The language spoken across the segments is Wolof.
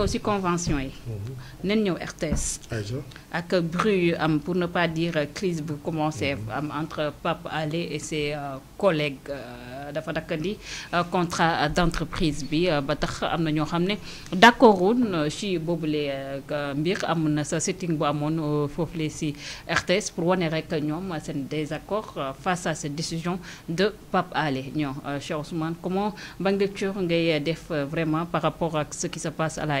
aussi convention mhm. Nous RTS. pour ne pas dire euh, crise vous commencez mhm. entre Pape Allé et ses euh, collègues euh, dafa contrat d'entreprise. Nous bi sitting bu RTS pour désaccord face à cette décision de Pape Ousmane comment vraiment par rapport à ce qui se passe à la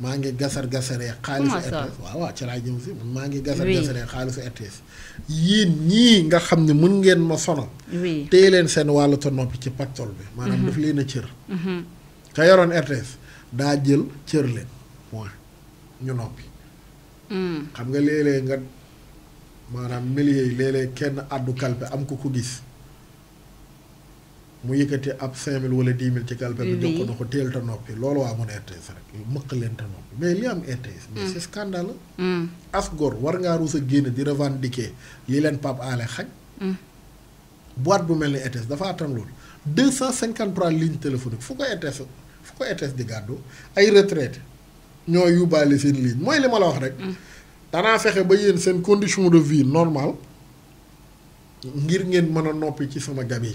maa ngi gasar gasaree. xaalisu RTS waaw waaw ci laa jëm si maa ngi gasar gasaree xaalisu RTS. yéen ñii nga xam ne mën ngeen ma sonal. oui leen seen wàllu te noppi ci pactole bi. maanaam mhm. daf leen cër. Mhm. ka yoroon RTS daa jël cër leen point ñu noppi. Mm. xam nga léeg-léeg nga maanaam milieu yi kenn àddu kalpe am ko ko gis. mu yëkkati ab 5000 wala 10 000 ci calpe bi jox ko na ko noppi loolu waa mun RTS rek mëq leen noppi mais li am RTS mais mm. c'est scandale mm. as gor war ngaa ruus a génn di revendiquer li leen Pape Alé xañ mm. boîte bu mel ni RTS dafa attan loolu 253 lignes téléphoniques fu ko RTS fu ko RTS di gàddu ay retraité ñoo yóbbaale seen ligne mooy li ma la wax rek danaa fexe ba yéen seen condition de vie normal ngir ngeen mën a noppi ci sama gabi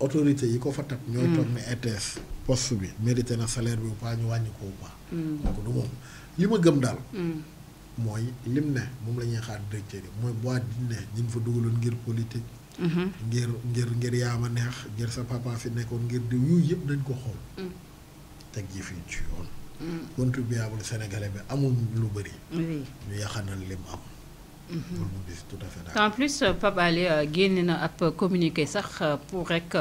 autorité yi ko fa tab ñooy mm. toog ne RTS poste bi mérité na salaire bi ou ñu wàññi ko ou pas mm. donc moom li ma gëm daal mm. mooy lim ne moom lañuy ñuy xaar mooy boîte di ne ñi fa dugaloon ngir politique mm-hmm. ngir ngir ngir yaama neex ngir sa papa fi nekkoon ngir diw yooyu yëpp nañ ko xool teg jëf yi ci yoon contribuable sénégalais bi amul lu bëri ñu yaxanal lim am en plus euh, papa Alé euh, génn na ab communiquer sax euh, pour rek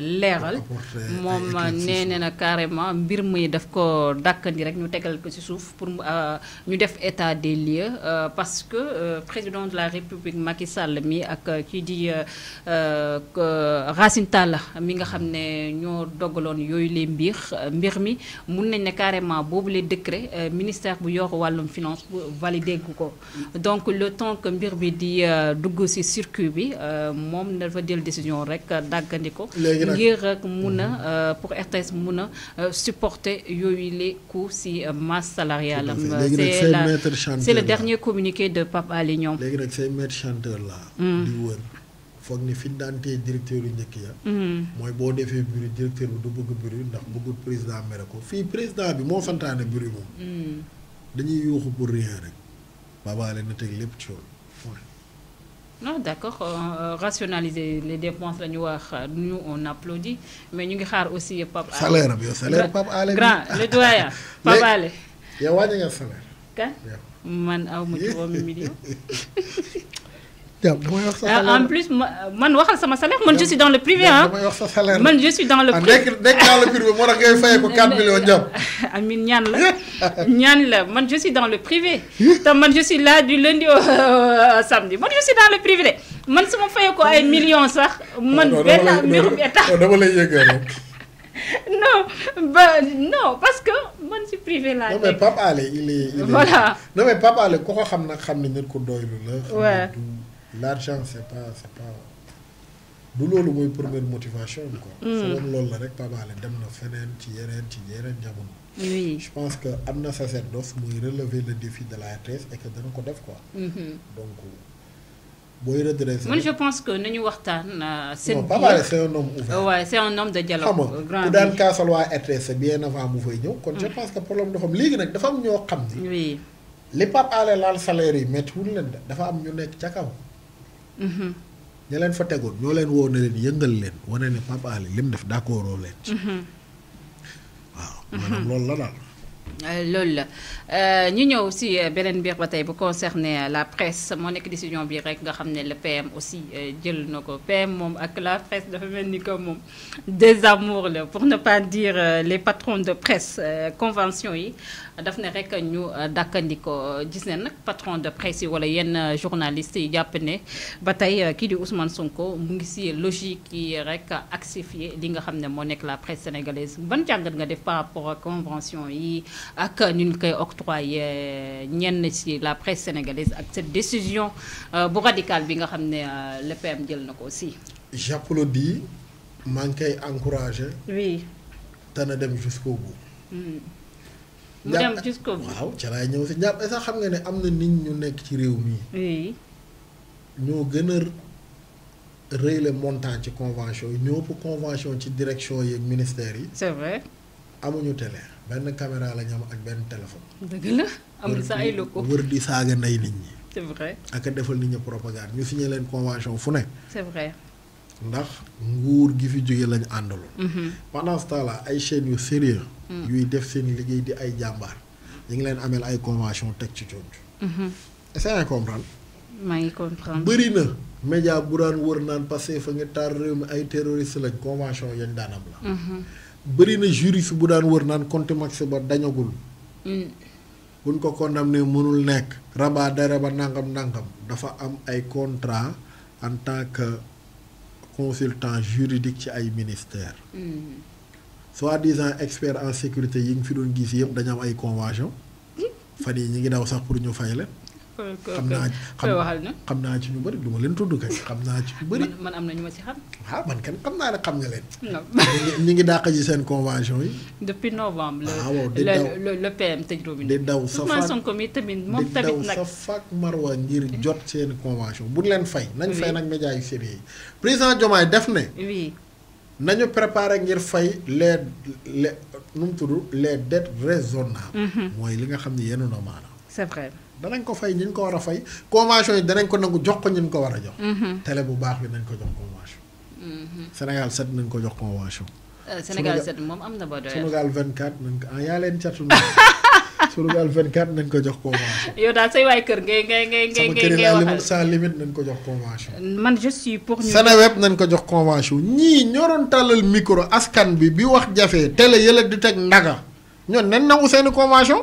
leeral mom nee na carrément mbir muy daf ko dàkkandi rek ñu tégal ko ci suuf pour ñu def état des lieux parce que président de la république Macky Sall mi ak kii di Racine Talla mi nga xamné ne ñoo dogaloon yooyu mbir mbir mi mën nañ né carrément boobu les décret ministère bu yor walum finance bu validé ko donc le temps que mbir bi di euh, dugg si circuit bi euh, moom dafa jël décision rek euh, dàggandi ngir rek mun a mhm. pour RTS mun a supporter yooyu les coûts si masse salariale am c'est le dernier communiqué de Pape Alé Niang léegi nag say maître chanteur la mhm. di wër foog ni fi ñu directeur yu njëkk ya mhm. mooy boo defee bureau directeur bi du bëgg bureau ndax bëggul président mere ko fii président bi moo santaane bureau moom dañuy yuuxu pour rien rek bah, bah, non d'accord euh, rationaliser les dépenses ah, nous on applaudit mais nous avons aussi Pape salaire salaire grand le salaire. Ah, en plus man waxal sama salaire je suis dans le privé hein je suis dans le. privé Je dans le privé je suis dans le privé. je suis là du lundi au euh, samedi je suis dans le privé man non, non, parce que je suis privé là. Non, papa, il est. voilà. Non, mais papa, il l'argent c'est pas c'est pas du loolu moy première motivation quoi. Hmm. foogoon loolu la rek pabaale dem na fenen ci yenen ci yeneen jamono. oui je pense que am na sacerdoce moy relever le défi de la RTS et que dañ ko def quoi. Mhm. donc booy redresser. moi je pense que nañu waxtaan. c'est euh, biir non papa c'est un homme ouvert. ouais c'est un homme de dialogue. Euh, grand pour daan cas loi RTS bien avant mu fay ñëw. kon je hmm. pense que problème dafa am nak dafa am ñoo xam ni. oui les Pape Alé laal salaire yi méttiwul leen de dafa am ñu nekk ci kaw. ña leen fa tegoon ñoo leen woo ne leen yëngal leen wane ne Pape Alé def d'accord leen ci. Mhm. waaw maanaam loolu la daal. Euh, Lol, euh, ñu ñëw aussi euh, beneen biir ba tey bu concerné la presse moo nekk décision bi rek nga xam ne le PM aussi jël na ko PM moom ak la presse dafa mel ni que moom désamour la pour ne pas dire les patrons de presse convention yi daf ne rek ñu dàkkandi gis ne nag patron de presse yi wala yenn journalistes yi jàpp ne ba tey kii di Ousmane Sonko mu ngi si logique yi rek axifié li nga xam ne moo nekk la presse sénégalaise ban jàngat nga def par rapport convention yi ak ñun ñu koy octroyé ñenn ci la presse sénégalaise ak cette décision euh, bu radicale bi nga xamné ne euh, le PM jël nako aussi. j'applaudis man ngi koy oui. tane dem jusqu'au bout. Hmm. mu dem jusqu'au bout waaw ca laay ñëw si jàpp sax xam nga ne amna na nit ñu nekk ci réew mi. oui. ñoo gën a rëy le montant ci convention ñoo pour convention ci direction ak ministère yi. c'est vrai amuñu télé benn caméra la ñu am ak benn téléphone. dëgg la am sa ay locaux wër di saaga ndey nit ñi. c'est vrai ak a defal nit ñi propagande ñu signé leen convention fu ne. c'est vrai. ndax nguur gi fi jóge lañ àndaloon. Mhm. pendant ce temps là ay chaîne yu sérieux mm. yuy def seen liggéey di ay jàmbaar ñu ngi leen amel ay convention teg ci coono. Mhm. essaye à comprendre. maa ngi comprendre bëri na. média bu daan wër naan passé fa nga tar réew mi ay terroriste lañ convention yañ daan am la. Mhm. bëri na juriste bu daan wër naan Conté Max ba dañagul. Mm. buñ ko condamné mënul nekk. Rabat dara ba nangam nangam dafa am ay contrat en tant que consultant juridique ci ay ministère mm. soi-disant expert en sécurité yi nga fi doon gis yëpp dañu am ay convention mm. fan yi ñu ngi daw sax pour ñu fay leen. xam naa xam naa ci ñu bëri du ma leen tudd kay xam naa ci ñu bëri. man am na ñu ma ci xam. ah man kenn xam naa ne xam nga leen. ñu ngi dàq ji seen convention yi. depuis novembre. ah waaw di daw le le PM tëj robinet. di daw sa faak Sonko mi tamit moom tamit nag di daw sa faak Marwa ngir jot seen convention bu leen fay. nañ fay nag média yu sérieux yi président Diomaye def ne. oui. nañu préparé ngir fay les les nu mu tudd les dettes raisonnables. Mm-hmm. mooy li nga xam ne yenu na maanaam. c'est vrai. danañ ko fay ñin ko war a fay convention yi danañ ko nangu jox ko ñin ko war a jox. Mhm. télé bu baax bi nañ ko jox convention. Mhm. Sénégal 7 nañ ko jox convention. Euh, Sénégal 7 moom am na ba doyal Sénégal 24 nañ ko ah yaa leen catu Sunugal 24 nañ ko jox convention. yow daal say waay kër ngay ngay ngay ngay ngay waxal sama kër limite ko jox convention. man je suis pour ñu. Seneweb nañ ko ñii ñoroon tàllal micro askan bi bi wax jafe télé yële di teg ndaga ñoon nen nangu seeni convention.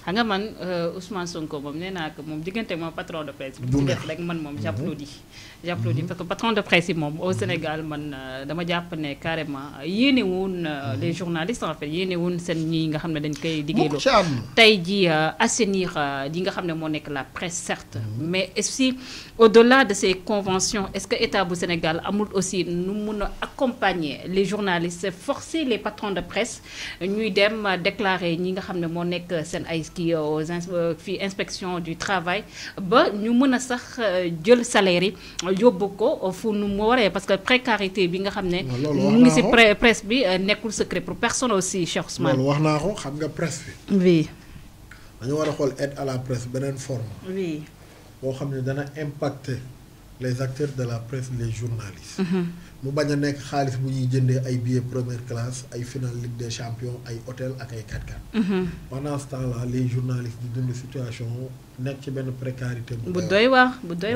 xam nga man euh, Ousmane Sonko moom nee naa ko moom diggante moom patron de presse bi ci rek man moom mhm. j'applaudis j'applaudis mhm. parce que patron de presse yi moom au Sénégal man euh, dama jàpp ne carrément yéene woon euh, mhm. les journalistes en fait yéene woon seen ñi nga xam ne dañ koy liggéeyloo tey ji assainir yi nga xam ne moo nekk la presse certes mais est aussi au-delà de ces conventions est-ce que état bu Sénégal amul aussi nu mun a accompagner les journalistes forcer les patrons de presse ñuy dem déclarer ñi nga xam ne moo nekk seen ay partie aux euh, fi inspection du travail ba ñu mëna sax euh, jël salaire yi ko fu nu mu waree parce que précarité bi nga xamné mu ngi ci presse bi euh, nekul secret pour personne aussi Cheikh Ousmane. loolu wax naa ko xam nga presse bi. oui. dañu war a xool aide à la presse benen forme. oui. bo xamné dana impacter les acteurs de la presse les journalistes. Mhm. mu bañ a nekk xaalis bu ñuy ay billets première classe ay finale Ligue des champions ay hôtels ak ay 4x4. Mhm. pendant ce temps là les journalistes di une situation nekk ci benn précarité. bu doy waar bu doy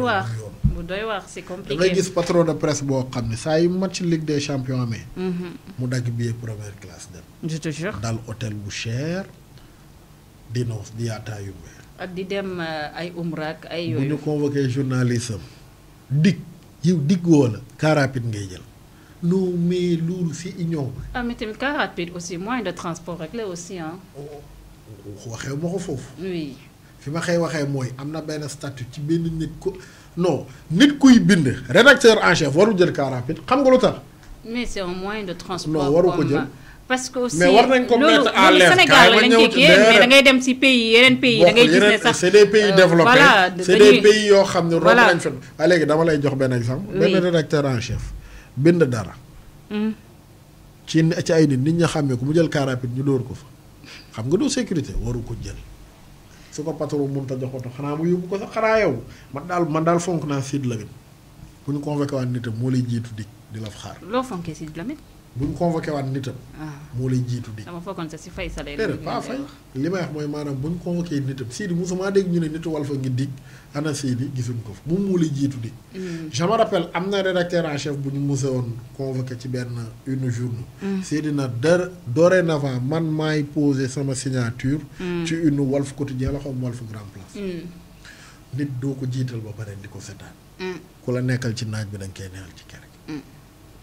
bu doy c'est compliqué. da gis patron de presse boo xam ne saa match Ligue des champions amee. Mhm. mu dagg billets première classe dem. je te jure dal hôtel bu cher di noos di yaataa yu ak di dem euh, ay ay ñu convoqué journalisme dig yow dig woo la car rapide ngay jël non mais loolu fi union. ah mais tamit car rapide aussi moyen de transport rek la aussi hein oh, oh, oh, waxee ma ko foofu. oui. fi ma xëy waxee mooy am na benn statut ci benn nit ko non nit kuy bind rédacteur en chef waru jël car rapide xam nga lu tax. mais c'est un moyen de transport. non waru ko jël. parce que aussi mais war nañ ko mettre à l'air Sénégal lañ jékkee mais da ngay dem si pays yeneen pays da ngay gis ne sax c'est des pays développés voilà, c'est des pays dama lay jox exemple rédacteur en chef bind dara hmm. ci ci ay nit nit ñi xàmmee ko mu jël car ñu dóor ko fa xam nga sécurité waru ko jël su ko patron mun ta jox oto mu yóbbu ko sax xanaa yow man daal man daal fonk Sid lay di di la xaar Sid buñ ñu convoqué waat nitam. Ah. moo lay jiitu di. dama fokkoon si fay sa lay. pas fay mooy maanaam bu ñu convoqué nitam Sidi musuma dégg ñu ne nitu Walf ngi dig ana Sidi gisuñ ko fa moom moo lay jiitu di. Mm. je me rappelle am na rédacteur en chef bu ñu mos a woon convoqué ci benn une journée. Mm. Sidi na dër dorénavant man maay posé sama signature. Mm. ci une Walf quotidien la xam Walf grand place. nit doo ko jiital ba pare di ko setaan. ku la nekkal ci naaj bi dañ koy neexal ci kër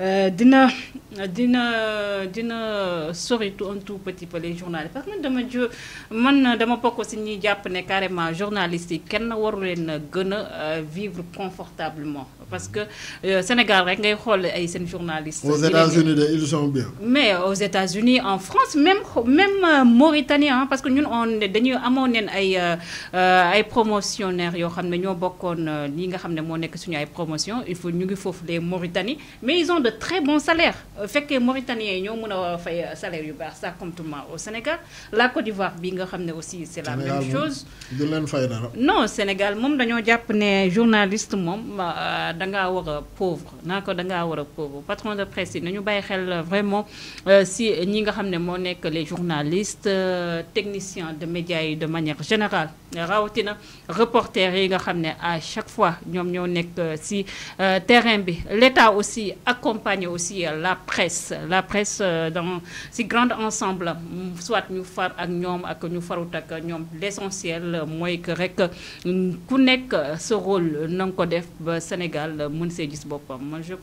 Euh, dina dina dina sori tout un tout petit peu les journalistes parce que man dama jë man dama bokk si ñuy japp ne carrément journalistique Ken kenn waru len gën euh, vivre confortablement parce que euh, Sénégal rek ngay xol ay sen journalistes. aux États-Unis ils sont bien. mais aux États-Unis en France même même euh, Mauritanie hein, parce que ñun on dañuy amone ay euh, ay promotionnaires yo xamné des promotions. Nous, li nga xamné mo nek suñu ay promotion il faut ñu ngi fofu les Mauritanie mais ils ont de très bons salaires fait Mauritaniens Mauritanien, ñoo mën fay salaire yu ça comme tout le monde au Sénégal la Côte d'Ivoire bi nga aussi c'est la même chose. Non, non Sénégal mom dañoo japp né journaliste moom danga wara pauvre nako danga wara pauvre patron de presse yi nañu bàyyi xel euh, vraiment euh, si ñi nga xamné mo nek les journalistes euh, techniciens de médias et de manière générale rawatina reporters yi nga xamné à chaque fois ñom ñoo nek si terrain bi l'État aussi accompagne aussi la presse la presse dans si grand ensemble soit ñu far ak ñom ak ñu farut ak ñom l'essentiel moy que rek ku nek ce rôle na ko def ba Sénégal daal mën see gis boppam man je